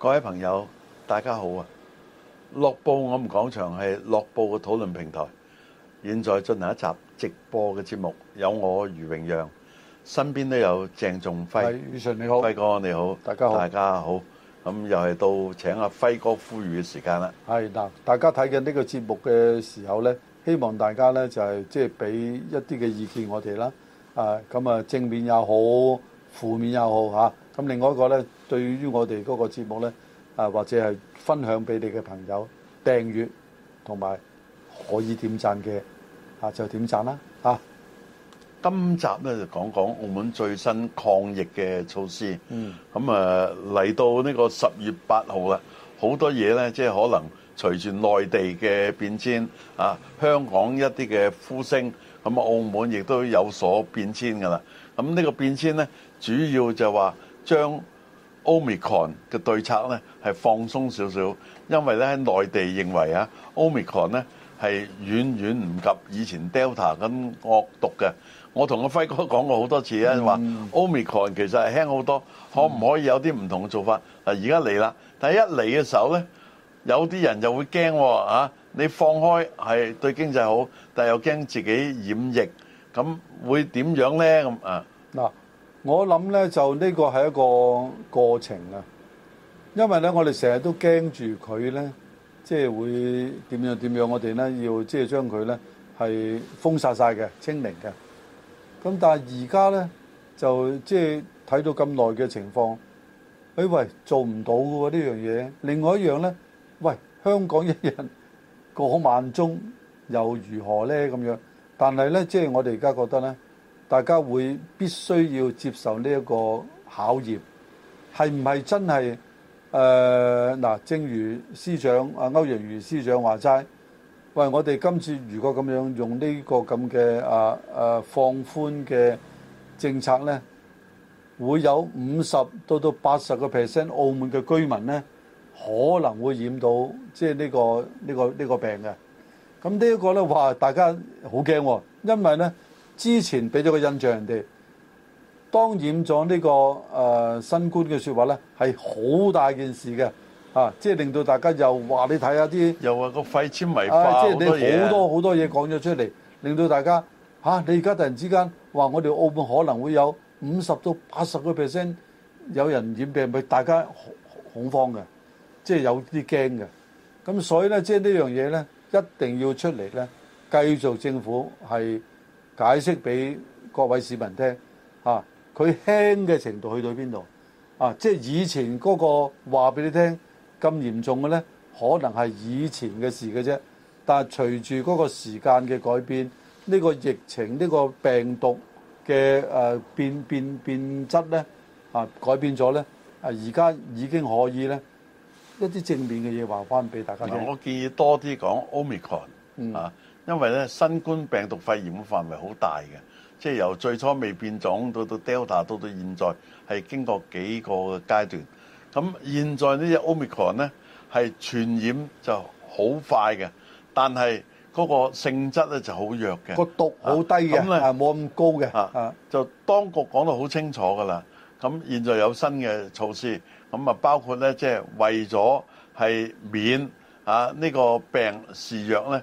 各位朋友，大家好啊！樂報我們講場，係樂報嘅討論平台。現在進行一集直播嘅節目，有我余榮讓，身邊都有鄭仲輝。宇晨你好，輝哥你好，大家好，大家好。咁又係到請阿輝哥呼籲嘅時間啦。係嗱，大家睇緊呢個節目嘅時候咧，希望大家咧就係即係俾一啲嘅意見我哋啦。啊，咁啊正面又好，負面又好吓。咁另外一個咧，對於我哋嗰個節目咧，啊或者係分享俾你嘅朋友訂閱同埋可以點讚嘅，啊就點讚啦，啊,啊！今集咧就講講澳門最新抗疫嘅措施。嗯，咁啊嚟到個10呢個十二月八號啦，好多嘢咧，即係可能隨住內地嘅變遷，啊香港一啲嘅呼聲，咁啊澳門亦都有所變遷噶啦。咁呢個變遷咧，主要就話。將 Omicron 嘅對策咧係放鬆少少，因為咧喺內地認為啊，Omicron 咧係遠遠唔及以前 Delta 咁惡毒嘅。我同阿輝哥講過好多次啊，話 Omicron 其實係輕好多，可唔可以有啲唔同嘅做法？嗱，而家嚟啦，但係一嚟嘅時候咧，有啲人就會驚喎啊！你放開係對經濟好，但係又驚自己染疫，咁會點樣咧？咁啊嗱。我諗咧就呢個係一個過程啊，因為咧我哋成日都驚住佢咧，即係會點樣點樣，我哋咧要即係將佢咧係封殺晒嘅，清零嘅。咁但係而家咧就即係睇到咁耐嘅情況，哎喂，做唔到嘅呢樣嘢。另外一樣咧，喂，香港一日過萬宗又如何咧咁樣？但係咧，即係我哋而家覺得咧。大家會必須要接受呢一個考驗係唔係，係唔係真係？誒嗱，正如司長啊歐陽瑜司長話齋，喂，我哋今次如果咁樣用呢個咁嘅啊，啊放寬嘅政策呢會有五十到到八十個 percent 澳門嘅居民呢可能會染到即係呢個呢個呢個病嘅。咁呢一個咧，哇，大家好驚喎，因為呢。之前俾咗個印象人哋，當染咗呢、這個、呃、新冠嘅說話咧，係好大件事嘅、啊，即係令到大家又話你睇下啲，又話個肺纖維化即係你好多好多嘢講咗出嚟，令到大家嚇、啊、你而家突然之間話我哋澳門可能會有五十到八十個 percent 有人染病，咪大家恐慌嘅，即係有啲驚嘅。咁所以咧，即係呢樣嘢咧，一定要出嚟咧，繼續政府係。解釋俾各位市民聽，嚇、啊、佢輕嘅程度去到邊度？啊，即係以前嗰、嗰個話俾你聽咁嚴重嘅呢，可能係以前嘅事嘅啫。但係隨住嗰個時間嘅改變，呢、呢個疫情呢、呢個病毒嘅誒、啊、變變變質呢，啊，改變咗呢。啊，而家已經可以呢，一啲正面嘅嘢話翻俾大家聽。我建議多啲講 Omicron 啊。嗯因為咧，新冠病毒肺炎嘅範圍好大嘅，即係由最初未變種到到 Delta 到到現在，係經過幾個階段。咁現在呢隻 Omicron 咧係傳染就好快嘅，但係嗰個性質咧就好弱嘅，個毒好低嘅，啊冇咁高嘅，啊，啊就當局講得好清楚㗎啦。咁現在有新嘅措施，咁啊包括咧，即係為咗係免啊呢個病肆虐咧。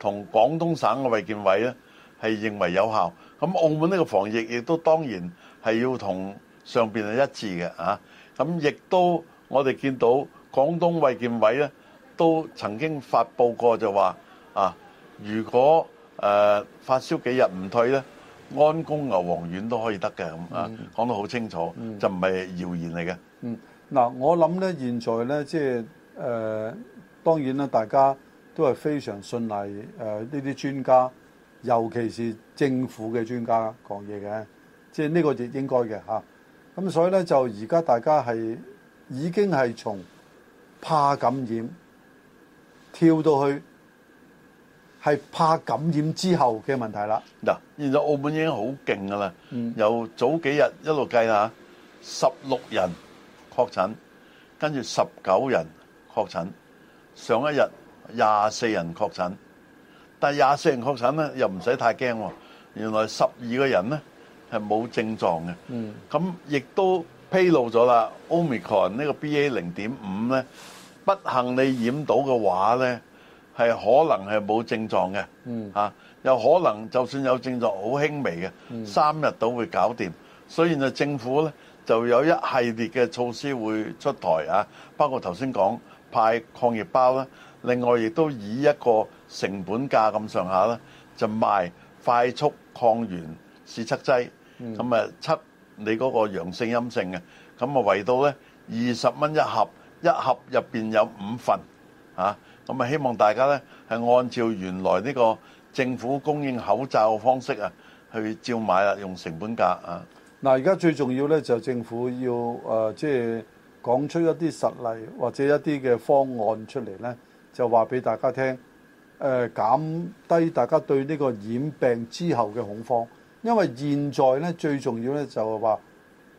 同廣東省嘅衛健委咧係認為有效，咁澳門呢個防疫亦都當然係要同上邊係一致嘅啊！咁亦都我哋見到廣東衛健委咧都曾經發佈過就話啊，如果誒發燒幾日唔退咧，安宮牛黃丸都可以得嘅咁啊，講得好清楚，就唔係謠言嚟嘅。嗯，嗱，我諗咧現在咧即係誒，當然啦大家。都係非常信賴誒呢啲專家，尤其是政府嘅專家講嘢嘅，即係呢個亦應該嘅吓、咁、啊、所以咧，就而家大家係已經係從怕感染跳到去係怕感染之後嘅問題啦。嗱，現在澳門已經好勁噶啦，由早幾日一路計下，十六人確診，跟住十九人確診，上一日。廿四人確診，但係廿四人確診咧，又唔使太驚喎，哦。原來十二個人咧係冇症狀嘅，咁亦都披露咗啦。Omicron 個 BA 呢個 B A 零點五咧，不幸你染到嘅話咧，係可能係冇症狀嘅嚇，嗯啊，又可能就算有症狀好輕微嘅，嗯，三日到會搞掂。所以就政府咧就有一系列嘅措施會出台啊，包括頭先講派抗疫包啦。另外，亦都以一個成本價咁上下呢就賣快速抗原試測劑，咁啊測你嗰個陽性陰性嘅，咁啊圍到呢二十蚊一盒，一盒入面有五份，嚇、啊，咁啊希望大家呢係按照原來呢個政府供應口罩嘅方式啊，去照買啦，用成本價啊。嗱，而家最重要呢就政府要誒，即係講出一啲實例或者一啲嘅方案出嚟呢。就話俾大家聽，誒、呃、減低大家對呢個染病之後嘅恐慌，因為現在咧最重要咧就係、是、話，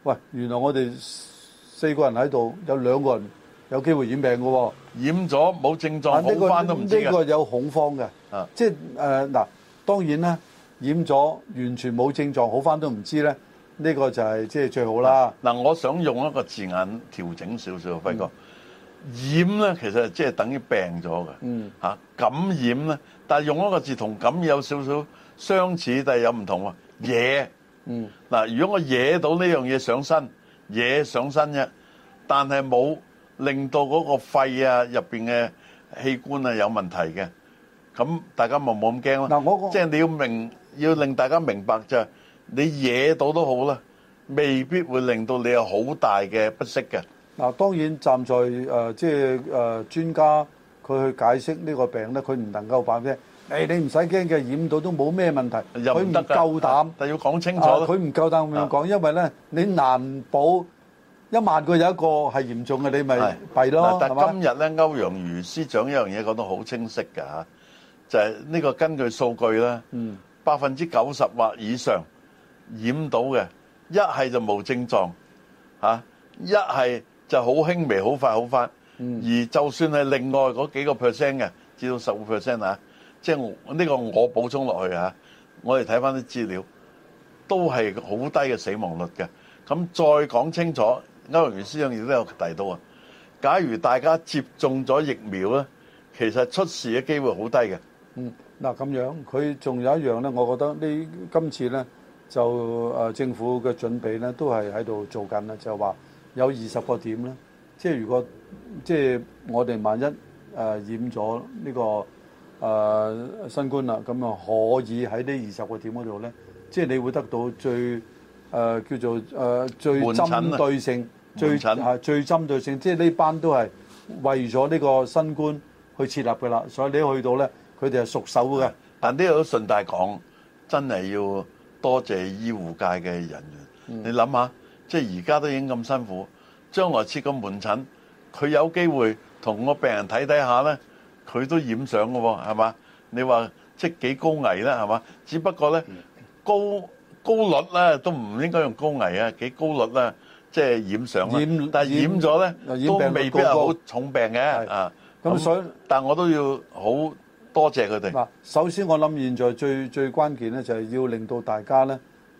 喂，原來我哋四個人喺度，有兩個人有機會染病㗎喎、哦，染咗冇症狀好翻、這個、都唔知呢、這個有恐慌嘅，啊，即係誒嗱，當然咧染咗完全冇症狀好翻都唔知咧，呢、這個就係即係最好啦。嗱、嗯嗯，我想用一個字眼調整少少，輝哥。染咧其實即係等於病咗嘅，嚇感染咧。但係用一個字同感有少少相似，但係有唔同喎。惹，嗱，如果我惹到呢樣嘢上身，惹上身啫，但係冇令到嗰個肺啊入邊嘅器官啊有問題嘅。咁大家咪冇咁驚咯。即係你要明，要令大家明白就係你惹到都好啦，未必會令到你有好大嘅不適嘅。嗱，當然站在誒，即係誒專家佢去解釋呢個病咧，佢唔能夠話咩？誒，你唔使驚嘅，染到都冇咩問題。又佢唔夠膽，但要講清楚。佢唔夠膽咁樣講，因為咧，你難保一萬個有一個係嚴重嘅，你咪弊咯。但係今日咧，歐陽瑜司長一樣嘢講得好清晰㗎嚇，就係呢個根據數據咧，百分之九十或以上染到嘅，一係就冇症狀嚇，一係。就好輕微、好快、好翻。而就算係另外嗰幾個 percent 嘅，至到十五 percent 啊，即係呢個我補充落去嚇、啊。我哋睇翻啲資料，都係好低嘅死亡率嘅。咁再講清楚，歐陽元先生亦都有提到啊。假如大家接種咗疫苗咧，其實出事嘅機會好低嘅。嗯，嗱咁樣，佢仲有一樣咧，我覺得呢今次咧就誒、啊、政府嘅準備咧，都係喺度做緊咧，就話。有二十個點咧，即係如果即係我哋萬一誒、呃、染咗呢、呢個誒、呃、新冠啦，咁啊可以喺呢二十個點嗰度咧，即係你會得到最誒、呃、叫做誒、呃、最針對性、最啊最針對性，即係呢班都係為咗呢個新冠去設立嘅啦。所以你去到咧，佢哋係熟手嘅。但呢度都順帶講，真係要多謝，謝醫護界嘅人員。你諗下？嗯即係而家都已經咁辛苦，將來設個門診，佢有機會同個病人睇睇下咧，佢都染上嘅喎，係嘛？你話即係幾高危咧，係嘛？只不過咧，高高率咧都唔應該用高危啊，幾高率啦，即係染上。染，但係染咗咧都未必係好重病嘅啊。咁所以，但我都要好多謝佢哋。首先，我諗現在最最關鍵咧就係要令到大家咧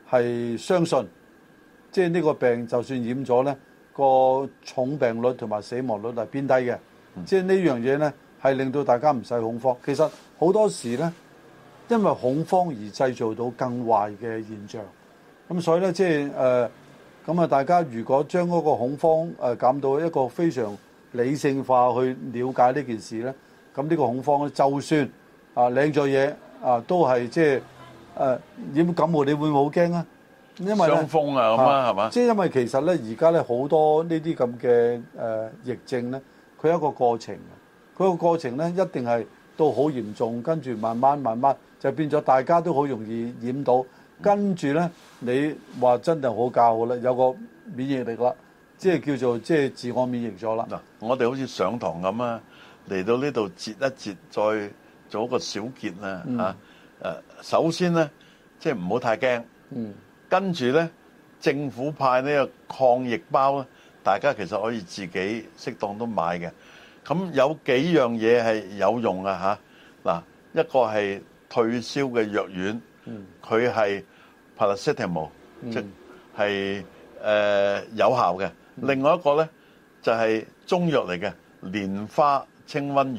係相信。即係呢個病就算染咗呢、呢個重病率同埋死亡率係偏低嘅，嗯？即係呢樣嘢呢，係令到大家唔使恐慌。其實好多時呢，因為恐慌而製造到更壞嘅現象。咁所以呢，即係誒，咁、呃、啊，大家如果將嗰個恐慌誒、呃、減到一個非常理性化去了解呢件事呢，咁呢個恐慌就算啊、呃、領咗嘢啊，都係即係誒、呃、染感冒，你會唔會好驚啊？傷風啊咁啊是，係嘛？即係因為其實咧，而家咧好多呢啲咁嘅誒疫症咧，佢有一個過程。佢個過程咧，一定係到好嚴重，跟住慢慢慢慢，就變咗大家都好容易染到。跟住咧，你話真係好教啦，有個免疫力啦，即係叫做即係自我免疫咗啦。嗱，我哋好似上堂咁啊，嚟到呢度截一截，再做一個小結啦、啊嗯啊、首先咧，即係唔好太驚。嗯。跟住咧，政府派呢個抗疫包咧，大家其實可以自己適當都買嘅。咁有幾樣嘢係有用呀？嗱、啊，一個係退燒嘅藥丸，佢係 Paracetamol，即係、呃、有效嘅。另外一個咧就係、是、中藥嚟嘅蓮花清瘟丸，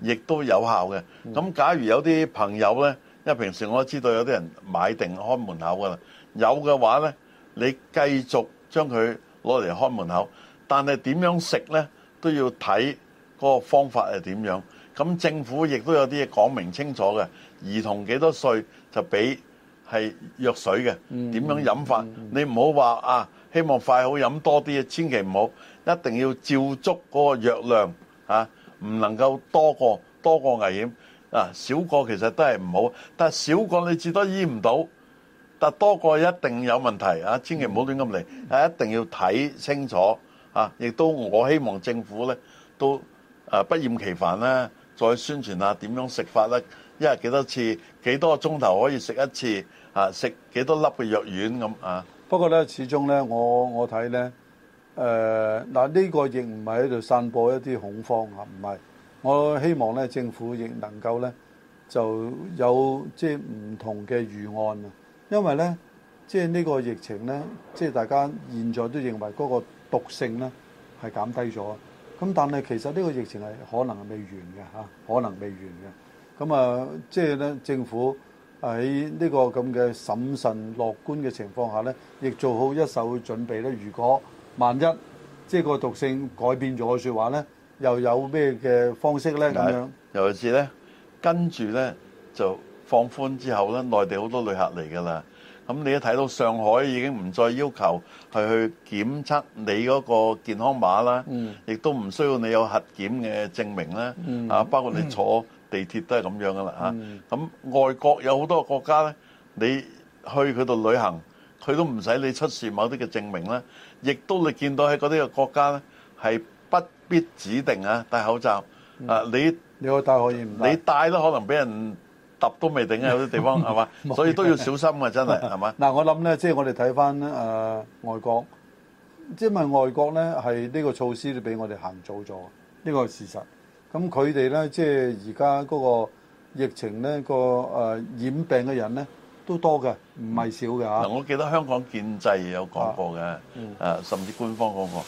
亦、嗯、都有效嘅。咁假如有啲朋友咧，因為平時我都知道有啲人買定開門口㗎啦。有嘅話呢，你繼續將佢攞嚟開門口，但係點樣食呢都要睇嗰個方法係點樣。咁政府亦都有啲嘢講明清楚嘅，兒童幾多歲就俾係藥水嘅，點樣飲法？你唔好話啊，希望快好飲多啲，千祈唔好，一定要照足嗰個藥量啊，唔能夠多過多過危險啊，少過其實都係唔好，但係少過你至多醫唔到。但多過一定有問題啊！千祈唔好亂咁嚟啊！一定要睇清楚啊！亦都我希望政府呢，都誒不厭其煩咧，再宣傳下點樣食法呢，一日幾多次，幾多個鐘頭可以食一次啊？食幾多粒嘅藥丸咁啊？不過呢，始終呢，我我睇呢，誒嗱呢個亦唔係喺度散播一啲恐慌啊！唔係，我希望咧政府亦能夠呢，就有即係唔同嘅預案啊！因為呢即係呢個疫情呢，即係大家現在都認為嗰個毒性呢係減低咗，咁但係其實呢個疫情係可能係未完嘅吓，可能未完嘅。咁、嗯、啊，即係呢政府喺呢個咁嘅審慎樂觀嘅情況下呢，亦做好一手準備呢，如果萬一即係個毒性改變咗嘅説話呢，又有咩嘅方式呢？咁樣？尤其是呢，跟住呢就。放寬之後咧，內地好多旅客嚟㗎啦。咁你一睇到上海已經唔再要求去去檢測你嗰個健康碼啦，亦都唔需要你有核檢嘅證明啦。啊、嗯，包括你坐地鐵都係咁樣㗎啦吓。咁外國有好多國家咧，你去佢度旅行，佢都唔使你出示某啲嘅證明啦。亦都你見到喺嗰啲嘅國家咧，係不必指定啊戴口罩。嗯、啊，你你戴可以唔？你戴都可能俾人。揼都未定啊！有啲地方係嘛， 所以都要小心啊！真係係嘛。嗱， 我諗咧，即、就、係、是、我哋睇翻誒外國，即係因為外國咧係呢是這個措施就畀我哋行早咗，呢、這個係事實。咁佢哋咧，即係而家嗰個疫情咧，那個誒、呃、染病嘅人咧都多嘅，唔係少嘅嚇、啊嗯。我記得香港建制有講過嘅，誒、啊啊嗯、甚至官方講、那、過、個，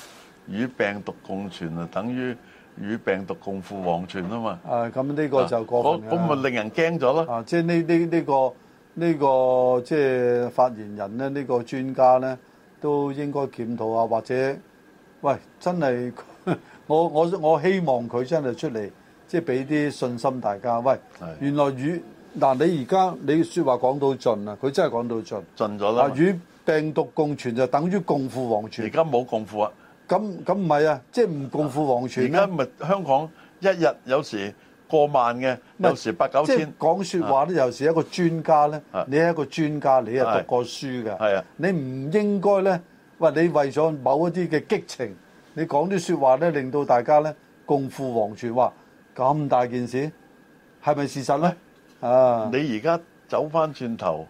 與病毒共存就等於。與病毒共赴黃泉啊嘛！誒，咁呢個就過分咁咪、啊、令人驚咗咯！啊，即係呢呢呢個呢個即係發言人咧，呢、呢個專家咧，都應該檢討啊。或者喂，真係我我我希望佢真係出嚟，即係俾啲信心大家。喂，原來與嗱、啊、你而家你說話講到盡啦，佢真係講到盡盡咗啦！與、啊、病毒共存就等於共赴黃泉。而家冇共赴啊！咁咁唔係啊，即係唔共赴黃泉嘅。而家咪香港一日有時過萬嘅，有時八九千。講説話咧，又是一個專家咧。你係一個專家，你係讀過書嘅。你唔應該咧，喂，你為咗某一啲嘅激情，你講啲説話咧，令到大家咧共赴黃泉，話咁大件事係咪事實咧？啊！你而家走翻轉頭，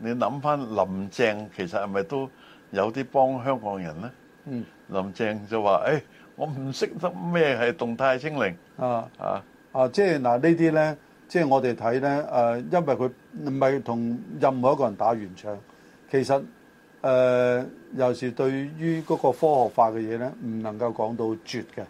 你諗翻林鄭其實係咪都有啲幫香港人咧？嗯。林鄭就話：誒、哎，我唔識得咩係動態清零、啊。啊啊啊即呢！即係嗱，呢啲咧，即係我哋睇咧，誒，因為佢唔係同任何一個人打完場。其實，誒、呃，有時對於嗰個科學化嘅嘢咧，唔能夠講到絕嘅。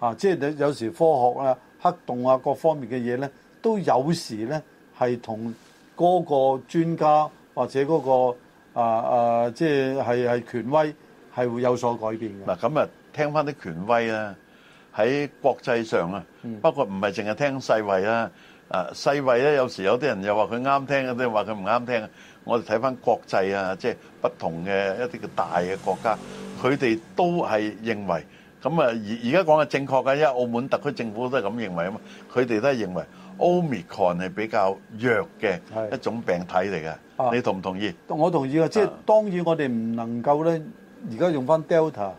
啊，即係有時科學啊、黑洞啊各方面嘅嘢咧，都有時咧係同嗰個專家或者嗰、嗰個啊、呃、啊，即係係係權威。係會有所改變嘅。嗱咁啊，聽翻啲權威啦，喺國際上啊，不過唔係淨係聽世衞啦。啊，世衞咧有時有啲人又話佢啱聽，有啲話佢唔啱聽。我哋睇翻國際啊，即係不同嘅一啲嘅大嘅國家，佢哋都係認為咁啊。而而家講係正確嘅，因為澳門特區政府都係咁認為啊嘛。佢哋都係認為 Omicron 係比較弱嘅一種病體嚟嘅、啊。你同唔同意？我同意啊，即係當然我哋唔能夠咧。而家用翻 Delta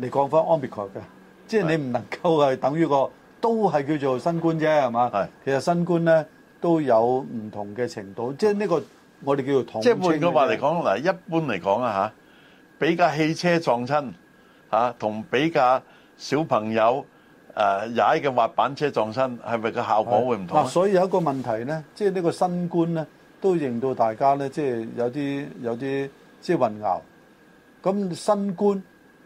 嚟講翻 Omicron 嘅，即係你唔能夠係等於個都係叫做新冠啫，係嘛？其實新冠咧都有唔同嘅程度，即係呢個我哋叫做統。即係換句話嚟講，嗱，一般嚟講啊，比架汽車撞親同比架小朋友誒踩嘅滑板車撞親，係咪個效果會唔同，啊？所以有一個問題咧，即係呢個新冠咧都令到大家咧，即係有啲有啲即係混淆。咁新冠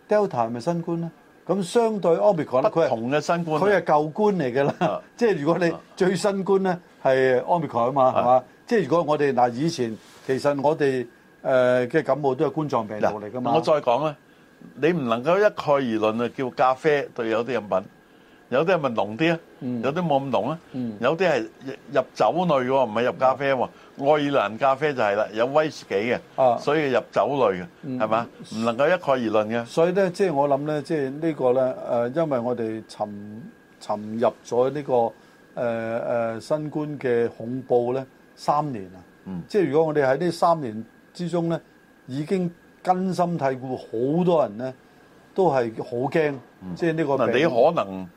Delta 係咪新冠咧？咁相對 Omicron 咧，佢係同嘅新冠，佢係舊冠嚟嘅啦。即係如果你最新冠咧係 Omicron 啊嘛，係嘛？即係如果我哋嗱以前，其實我哋誒嘅感冒都係冠狀病毒嚟㗎嘛。我再講啦，你唔能夠一概而論啊！叫咖啡對有啲飲品。有啲係咪濃啲啊、嗯？有啲冇咁濃啊、嗯？有啲係入酒類喎，唔係入咖啡喎、嗯。愛爾蘭咖啡就係啦，有威士忌嘅、啊，所以入酒類嘅，係嘛？唔、嗯、能夠一概而論嘅。所以咧，即、就、係、是、我諗咧，即係呢個咧、呃，因為我哋沉沉入咗呢、這個誒誒、呃、新冠嘅恐怖咧三年啊、嗯，即係如果我哋喺呢三年之中咧，已經根深蒂固，好多人咧都係好驚，即係呢個。你可能。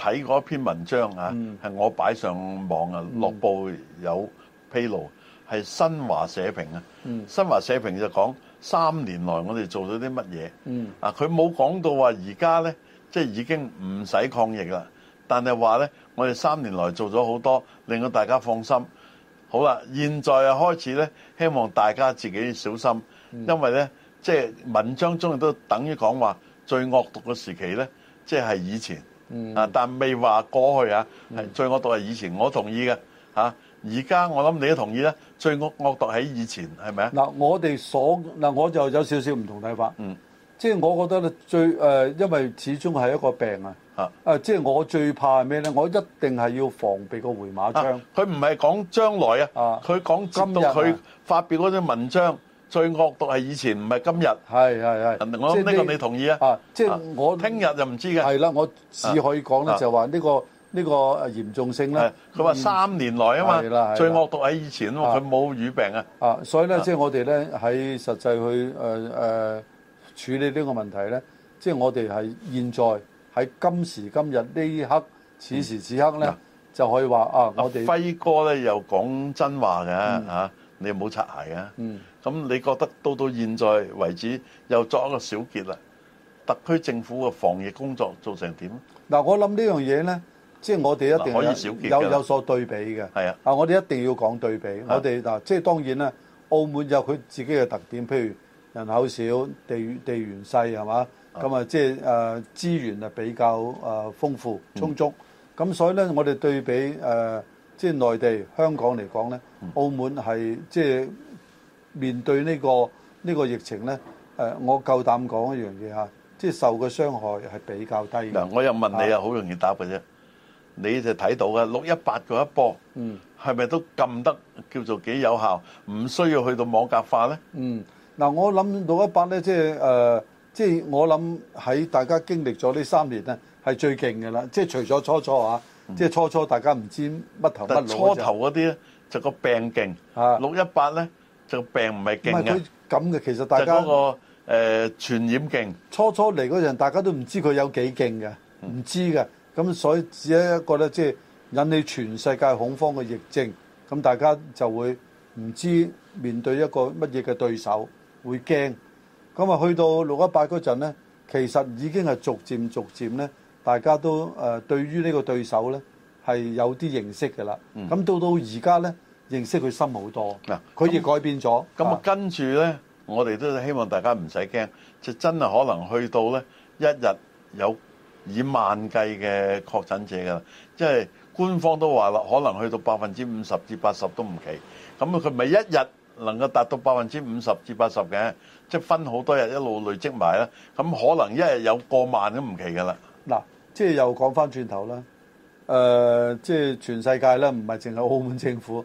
睇嗰篇文章啊，係我擺上網啊，嗯，落報有披露，嗯，係新華社評啊，嗯，新華社評就講三年來我哋做咗啲乜嘢啊。佢冇講到話而家咧，即係已經唔使抗疫啦。但係話咧，我哋三年來做咗好多令到大家放心。好啦，現在啊開始咧，希望大家自己小心，因為咧，即係文章中亦都等於講話最惡毒嘅時期咧，即係以前。嗯啊，但未話過去啊，係、嗯、最惡毒係以前，我同意嘅嚇。而、啊、家我諗你都同意啦，最惡惡毒係以前，係咪啊？嗱，我哋所嗱我就有少少唔同睇法。嗯，即係我覺得最誒、呃，因為始終係一個病啊。嚇啊，即係我最怕係咩咧？我一定係要防備個回馬槍。佢唔係講將來啊，佢講今日佢發表嗰隻文章。啊最惡毒係以前，唔係今日。係係係。我諗呢、呢個你同意啊？啊，即係我聽日就唔知嘅。係啦，我只可以講咧、啊，就話呢、呢個呢、啊呢個嚴重性咧。佢話三年來啊嘛是、嗯，最惡毒係以前喎，佢冇語病啊。啊，所以咧、啊，即係我哋咧喺實際去誒誒、呃呃、處理呢個問題咧，即係我哋係現在喺今時今日呢一刻此時此刻咧、嗯，就可以話啊，啊，我哋輝哥咧又講真話嘅嚇、嗯啊，你冇擦鞋嘅。嗯咁你覺得到到現在為止，又作一個小結啦？特區政府嘅防疫工作做成點？嗱，我諗呢樣嘢呢，即係我哋一定有可以有，有所對比嘅。啊，我哋一定要講對比。啊、我哋嗱，即係當然咧，澳門有佢自己嘅特點，譬如人口少、地地緣細係嘛，咁啊，即係誒資源啊比較誒豐富充足。咁、嗯、所以呢，我哋對比誒即係內地、香港嚟講呢，澳門係即係。就是面對呢個呢個疫情咧，誒，我夠膽講一樣嘢嚇，即係受嘅傷害係比較低嘅。嗱，我又問你啊，好容易答嘅啫，你就睇到嘅六一八嗰一波，嗯，係咪都撳得叫做幾有效？唔需要去到網格化咧。嗯，嗱，我諗六一八咧，即係誒，即係我諗喺大家經歷咗呢三年咧，係最勁嘅啦。即係除咗初初啊，嗯，即係初初大家唔知乜頭乜腦。初頭嗰啲咧，就個病勁。嚇，六一八咧。個病唔係勁噶，唔係佢咁嘅。其實大家就嗰、那個、呃、傳染勁。初初嚟嗰陣，大家都唔知佢有幾勁嘅，唔知嘅。咁、嗯、所以只係一個咧，即、就、係、是、引起全世界恐慌嘅疫症。咁大家就會唔知面對一個乜嘢嘅對手，會驚。咁啊，去到六一八嗰陣咧，其實已經係逐漸逐漸呢，大家都誒、呃、對於呢個對手呢係有啲認識嘅啦。咁、嗯、到到而家呢。認識佢深好多，嗱佢亦改變咗。咁啊，啊嗯嗯、跟住呢，我哋都希望大家唔使驚，就真係可能去到呢一日有以萬計嘅確診者㗎啦。即係官方都話啦，可能去到百分之五十至八十都唔奇。咁佢咪一日能夠達到百分之五十至八十嘅，即係分好多日一路累積埋啦。咁可能一日有過萬都唔奇㗎啦。嗱、啊，即係又講翻轉頭啦，誒、呃，即係全世界呢，唔係淨係澳門政府。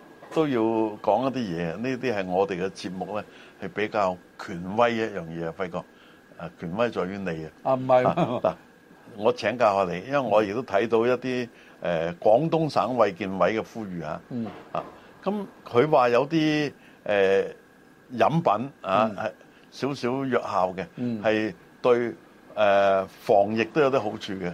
都要講一啲嘢，呢啲係我哋嘅節目咧係比較權威嘅一樣嘢啊，輝哥，啊權威在於你啊，唔係啊。啊唔係我請教下你，因為我亦都睇到一啲誒廣東省衛健委嘅呼籲嚇，啊，咁佢話有啲誒、呃、飲品啊係少少藥效嘅，係、嗯、對誒、呃、防疫都有啲好處嘅。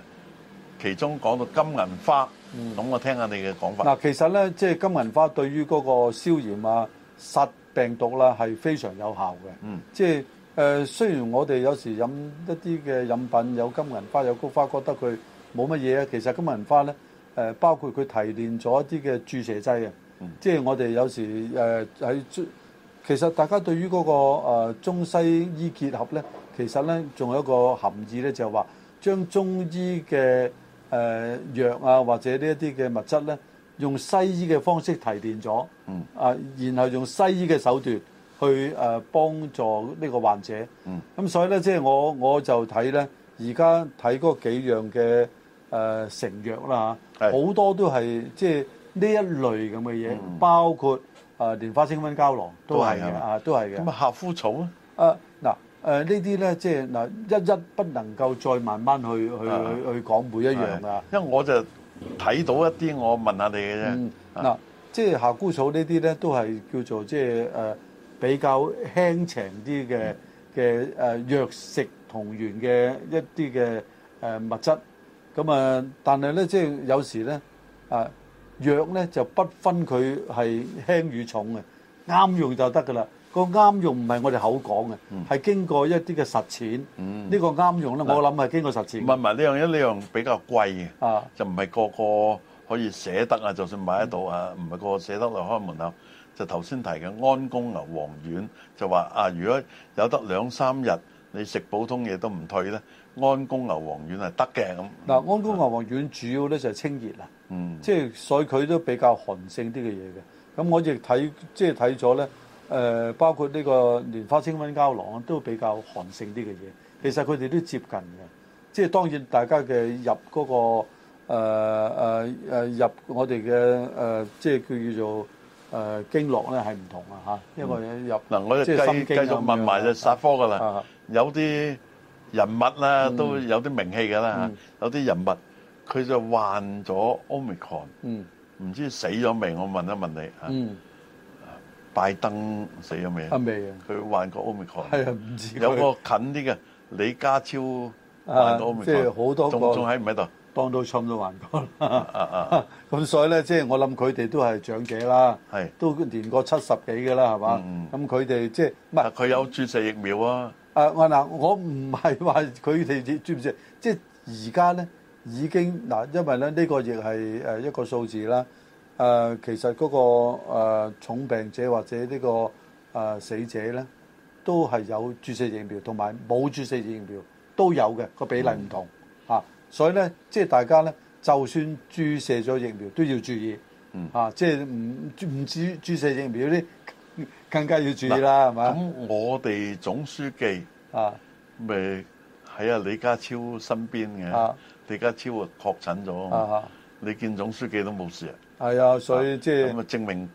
其中講到金銀花，咁我聽下你嘅講法。嗱，其實咧，即係金銀花對於嗰個消炎啊、殺病毒啦，係非常有效嘅。嗯，即係誒，雖然我哋有時飲一啲嘅飲品有金銀花有菊花，覺得佢冇乜嘢啊。其實金銀花咧，誒，包括佢提煉咗一啲嘅注射劑、嗯、即係我哋有時誒喺，其實大家對於嗰個誒中西醫結合咧，其實咧仲有一個含義咧，就係、是、話將中醫嘅。誒、呃、藥啊，或者呢一啲嘅物質咧，用西醫嘅方式提煉咗、嗯，啊，然後用西醫嘅手段去誒幫、呃、助呢個患者。咁、嗯嗯、所以咧，即係我我就睇咧，而家睇嗰幾樣嘅誒、呃、成藥啦，好多都係即係呢一類咁嘅嘢，包括誒蓮、呃、花清瘟膠囊都係嘅，啊都係嘅。咁啊，夏枯草啊，啊嗱。誒呢啲咧，即係嗱，一一不能夠再慢慢去去去講每一樣啦。因為我就睇到一啲，我問下你嘅啫。嗱，即係夏枯草呢啲咧，都係叫做即係誒比較輕清啲嘅嘅誒藥食同源嘅一啲嘅誒物質。咁啊，但係咧，即係有時咧，啊藥咧就不分佢係輕與重嘅，啱用就得㗎啦。個啱用唔係我哋口講嘅，係、嗯、經過一啲嘅實踐。呢、嗯呢個啱用咧、嗯，我諗係經過實踐。唔係唔係呢樣嘢呢樣比較貴嘅、啊，就唔係個個可以捨得啊！就算買得到啊，唔、嗯、係個個捨得嚟開門口。就頭先提嘅安宮牛黃丸，就話啊，如果有得兩三日，你食普通嘢都唔退咧，安宮牛黃丸係得嘅咁。嗱、嗯啊，安宮牛黃丸主要咧就係、是、清熱啊，即、嗯、係、就是、所以佢都比較寒性啲嘅嘢嘅。咁我亦睇即係睇咗咧。就是看了呢誒、呃、包括呢個蓮花清瘟膠囊都比較寒性啲嘅嘢，其實佢哋都接近嘅，即係當然大家嘅入嗰、那個誒誒、呃啊、入我哋嘅誒，即係叫叫做誒、呃、經絡咧係唔同啊嚇，因為入嗱我哋繼繼續問埋就殺科噶啦，有啲人物啊都有啲名氣㗎啦、嗯，有啲人物佢就患咗 Omicron，唔知死咗未？我問一問你嚇。嗯拜登死咗未？啊未啊！佢患過奧密克。係啊，唔知有個近啲嘅李家超患過奧密克。即係好多個仲仲喺唔喺度？當勞侵都患過。啊啊！咁所以咧，即係我諗佢哋都係長者啦，係都年過七十幾嘅啦，係嘛？咁佢哋即係唔係佢有注射疫苗啊？啊我嗱我唔係話佢哋接注射，即係而家咧已經嗱，因為咧呢個亦係誒一個數字啦。誒、呃，其實嗰、那個、呃、重病者或者呢、這個誒、呃、死者咧，都係有注射疫苗，同埋冇注射疫苗都有嘅個比例唔同，嗯啊、所以咧，即、就、係、是、大家咧，就算注射咗疫苗都要注意嚇、嗯啊，即係唔唔注注射疫苗啲更，更加要注意啦，係咪？咁我哋總書記啊，咪喺阿李家超身邊嘅、啊，李家超啊確診咗、啊，你見總書記都冇事。係啊，所以即係證明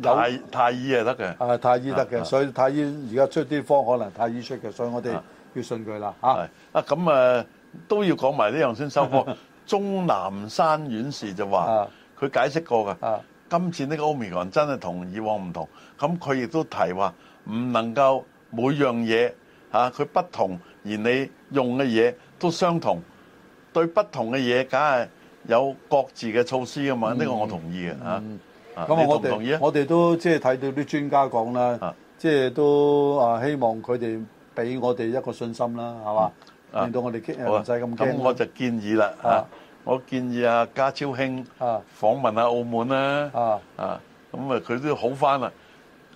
太太醫係得嘅。啊，太醫得嘅，所以太醫而家出啲方可能太醫出嘅，所以我哋要信佢啦嚇。啊咁都要講埋呢樣先收科。鐘南山院士就話，佢解釋過㗎。今次呢個奧密克戎真係同以往唔同，咁佢亦都提話唔能夠每樣嘢佢不同，而你用嘅嘢都相同，對不同嘅嘢，梗係，有各自嘅措施吖嘛？呢個我同意嘅嚇。咁我我哋我哋都即係睇到啲專家講啦，即係都啊希望佢哋俾我哋一個信心啦，係嘛？令到我哋唔使咁驚。咁我就建議啦嚇，我建議啊，家超兄訪問下澳門啦啊啊，咁啊佢都好翻啦，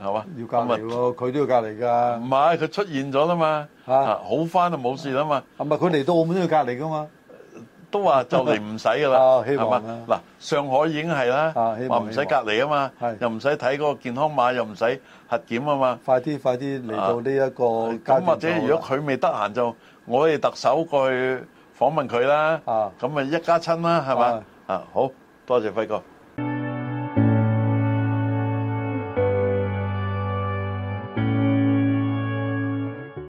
係嘛？要隔離咯，佢都要隔離噶。唔係佢出現咗啦嘛嚇，好翻就冇事啦嘛。係咪佢嚟到澳門都要隔離噶嘛？都話就嚟唔使噶啦，係嘛？嗱，上海已經係啦，話唔使隔離啊嘛，又唔使睇嗰個健康碼，又唔使核檢啊嘛，快啲快啲嚟到呢一個。咁或者如果佢未得閒，就我哋特首過去訪問佢啦。咁咪一家親啦，係嘛？啊，好多謝輝哥。